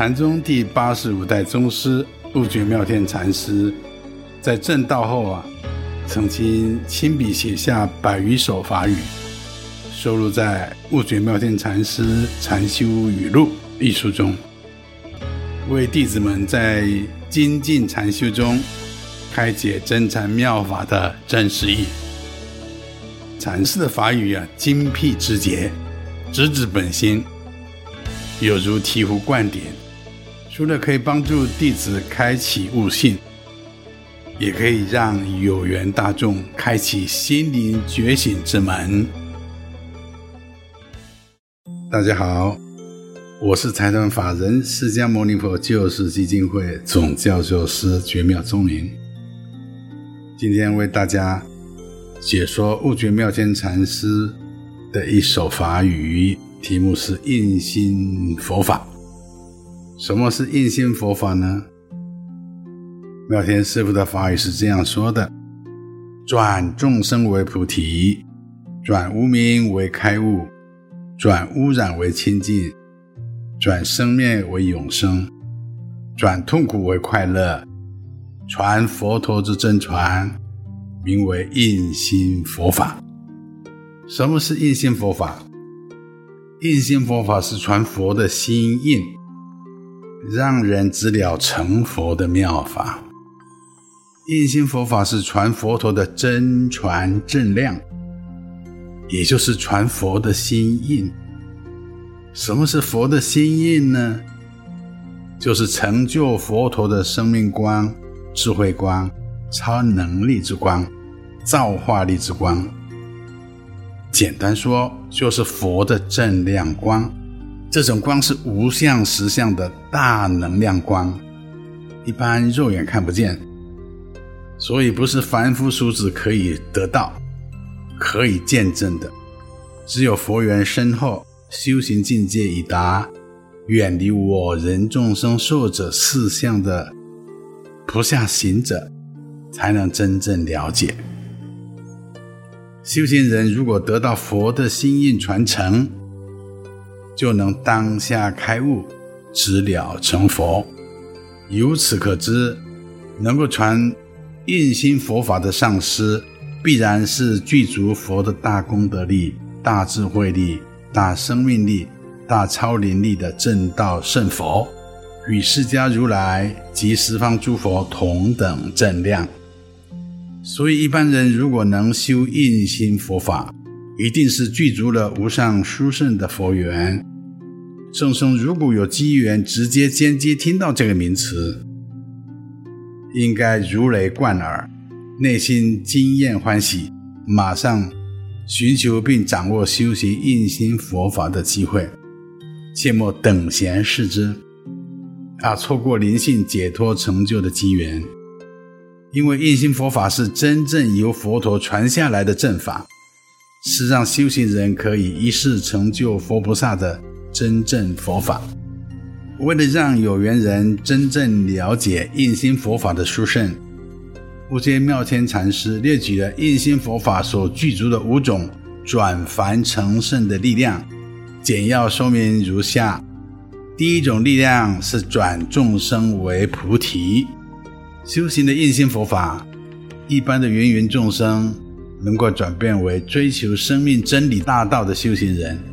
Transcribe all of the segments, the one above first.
禪宗第八十五代宗師悟覺妙天禪師，在證道後啊，曾經親筆寫下百餘首法語，收錄在《悟覺妙天禪師禪修語錄》一書中，為弟子們在精進禪修中開解真禪妙法的真實義。禪師的法語啊，精闢直捷，直指本心，有如醍醐灌頂。除了可以幫助弟子開啟悟性，也可以讓有緣大眾開啟心靈覺醒之門。大家好，我是財團法人釋迦牟尼佛救世基金會總教授師覺妙宗明。今天為大家解說悟覺妙天禪師的一首法語，題目是《印心佛法》。什麼是印心佛法呢？妙天師父的法語是這樣說的：轉眾生為菩提，轉無明為開悟，轉污染為清淨，轉生滅為永生，轉痛苦為快樂，傳佛陀之真傳，名為印心佛法。什麼是印心佛法？印心佛法是傳佛的心印。讓人直了成佛的妙法，印心佛法是傳佛陀的真傳正量，也就是傳佛的心印。什麼是佛的心印呢？就是成就佛陀的生命光、智慧光、超能力之光、造化力之光。簡單說，就是佛的正量光。這種光是無相實相的大能量光，一般肉眼看不見，所以不是凡夫俗子可以得到、可以見證的。只有佛緣深厚、修行境界已達、遠離我人眾生壽者四相的菩薩行者，才能真正了解。修行人如果得到佛的心印傳承。就能當下開悟，直了成佛。由此可知，能夠傳印心佛法的上師，必然是具足佛的大功德力、大智慧力、大生命力、大超靈力的正道聖佛，與釋迦如來及十方諸佛同等正量。所以，一般人如果能修印心佛法，一定是具足了無上殊勝的佛緣。眾生如果有機緣直接間接聽到這個名詞，應該如雷貫耳，內心驚艷歡喜，馬上尋求並掌握修行印心佛法的機會，切莫等閒視之，啊，錯過靈性解脫成就的機緣。因為印心佛法是真正由佛陀傳下來的正法，是讓修行人可以一世成就佛菩薩的。真正佛法。為了讓有緣人真正了解印心佛法的殊勝，悟覺妙天禪師列舉了印心佛法所具足的五種轉凡成聖的力量，簡要說明如下：第一種力量是轉眾生為菩提，修行的印心佛法，一般的芸芸眾生能夠轉變為追求生命真理大道的修行人。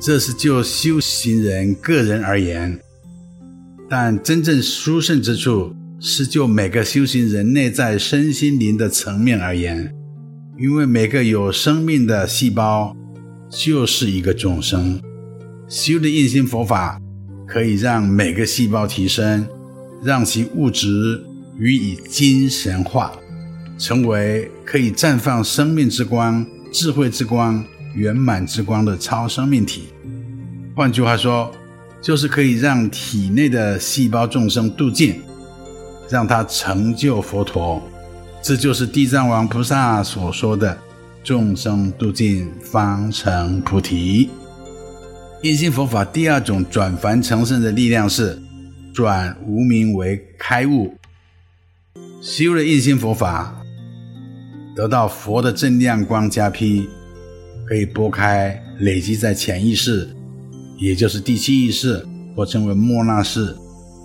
這是就修行人個人而言，但真正殊勝之處是就每個修行人內在身心靈的層面而言，因為每個有生命的細胞就是一個眾生。修的印心佛法可以讓每個細胞提升，讓其物質予以精神化，成為可以綻放生命之光、智慧之光、圓滿之光的超生命體，換句話說，就是可以讓體內的細胞眾生度盡，讓他成就佛陀。這就是地藏王菩薩所說的“眾生度盡，方成菩提”。印心佛法第二種轉凡成聖的力量是轉無明為開悟。修了印心佛法，得到佛的正量光加被。可以撥開累積在潛意識，也就是第七意識或稱為末那識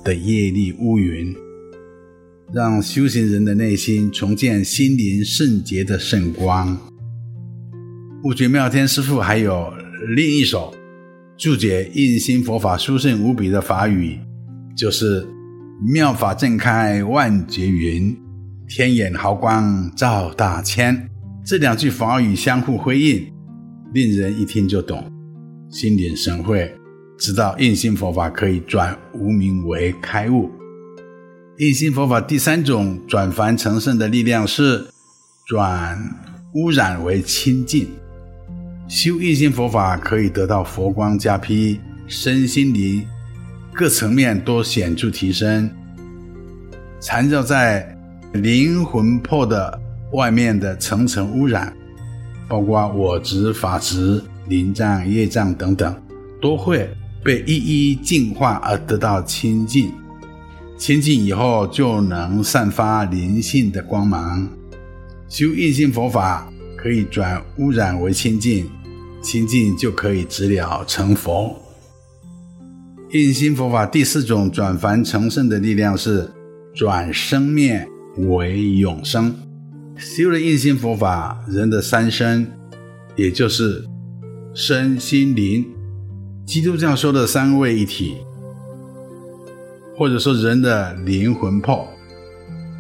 的業力烏雲，讓修行人的內心重建心靈聖潔的聖光。悟覺妙天師父還有另一首注解印心佛法殊勝無比的法語，就是“妙法正開萬劫雲，天眼毫光照大千”。這兩句法語相互輝映。令人一聽就懂，心領神會，知道印心佛法可以轉無明為開悟。印心佛法第三種轉凡成聖的力量是轉污染為清淨。修印心佛法可以得到佛光加被，身心靈各層面都顯著提升。纏繞在靈魂魄的外面的層層污染。包括我執、法執、靈障、業障等等，都會被一一淨化而得到清淨。清淨以後，就能散發靈性的光芒。修印心佛法可以轉污染為清淨，清淨就可以直了成佛。印心佛法第四種轉凡成聖的力量是轉生滅為永生。修了印心佛法，人的三身，也就是身、心、靈。基督教說的三位一體，或者說人的靈魂魄，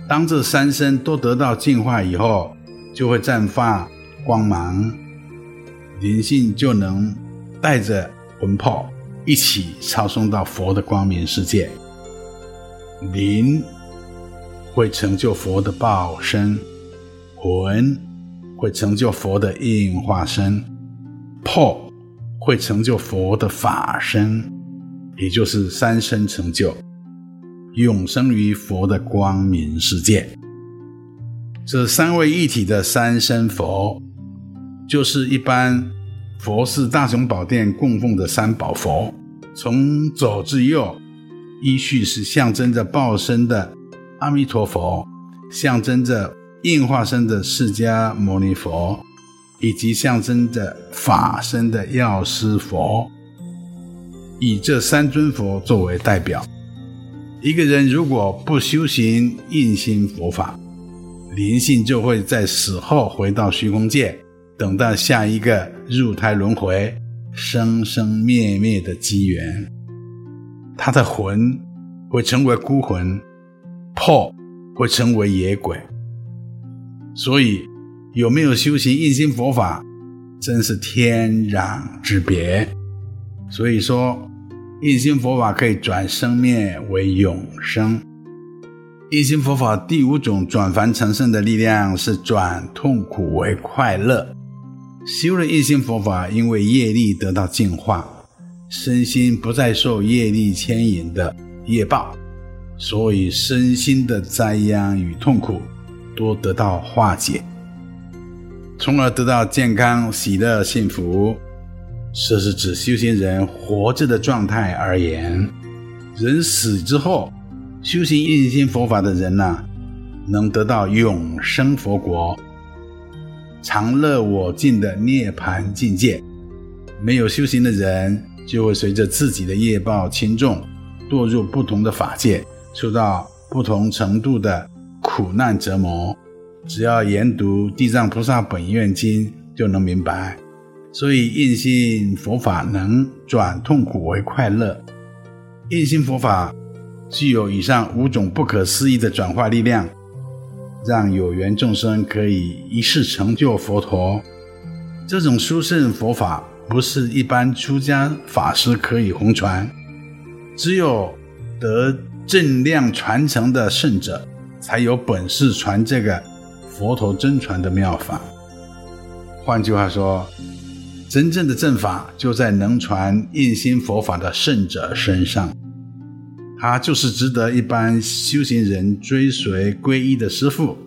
當這三身都得到淨化以後，就會綻放光芒，靈性就能帶着魂魄一起超送到佛的光明世界，靈會成就佛的報身。魂會成就佛的應化身，魄會成就佛的法身，也就是三身成就，永生於佛的光明世界。這三位一體的三身佛，就是一般佛寺大雄寶殿供奉的三寶佛。從左至右，依序是象徵着報身的阿彌陀佛，象徵着。應化身的釋迦牟尼佛，以及象徵着法身的藥師佛，以這三尊佛作為代表。一個人如果不修行印心佛法，靈性就會在死後回到虛空界，等待下一個入胎輪迴、生生滅滅的機緣，他的魂會成為孤魂，魄會成為野鬼。所以，有沒有修行印心佛法，真是天壤之別。所以說，印心佛法可以轉生滅為永生。印心佛法第五種轉凡成聖的力量是轉痛苦為快樂。修了印心佛法，因為業力得到淨化，身心不再受業力牽引的業報，所以身心的災殃與痛苦。多得到化解，從而得到健康、喜樂、幸福。這是指修行人活着的狀態而言。人死之後，修行印心佛法的人呢、啊，能得到永生佛國、常樂我淨的涅槃境界；沒有修行的人，就會隨着自己的業報輕重，墮入不同的法界，受到不同程度的。苦難折磨，只要研讀《地藏菩薩本願經》就能明白。所以，印心佛法能轉痛苦為快樂。印心佛法具有以上五種不可思議的轉化力量，讓有緣眾生可以一世成就佛陀。這種殊勝佛法不是一般出家法師可以弘傳，只有得正量傳承的聖者才有本事傳這個佛陀真傳的妙法。換句話說，真正的正法就在能傳印心佛法的聖者身上，他就是值得一般修行人追隨皈依的師父。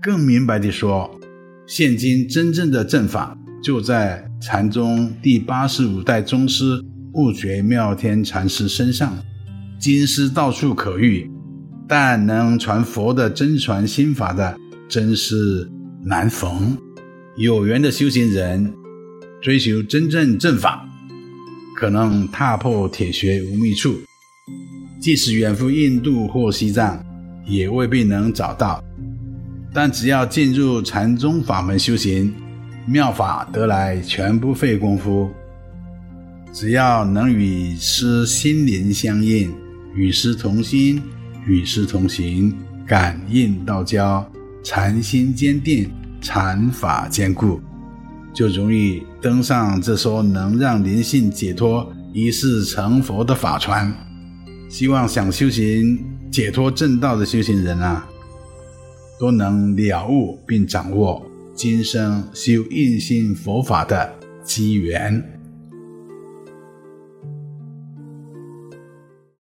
更明白地說，現今真正的正法就在禪宗第八十五代宗師悟覺妙天禪師身上，金師到處可遇。但能傳佛的真傳心法的，真是難逢。有緣的修行人，追求真正正法，可能踏破鐵鞋無覓處。即使遠赴印度或西藏，也未必能找到。但只要進入禪宗法門修行，妙法得來全不費功夫。只要能與師心靈相應，與師同心。與師同行，感應道交，禪心堅定，禪法堅固，就容易登上這艘能讓靈性解脫、一世成佛的法船。希望想修行解脫正道的修行人啊，都能了悟並掌握今生修印心佛法的機緣。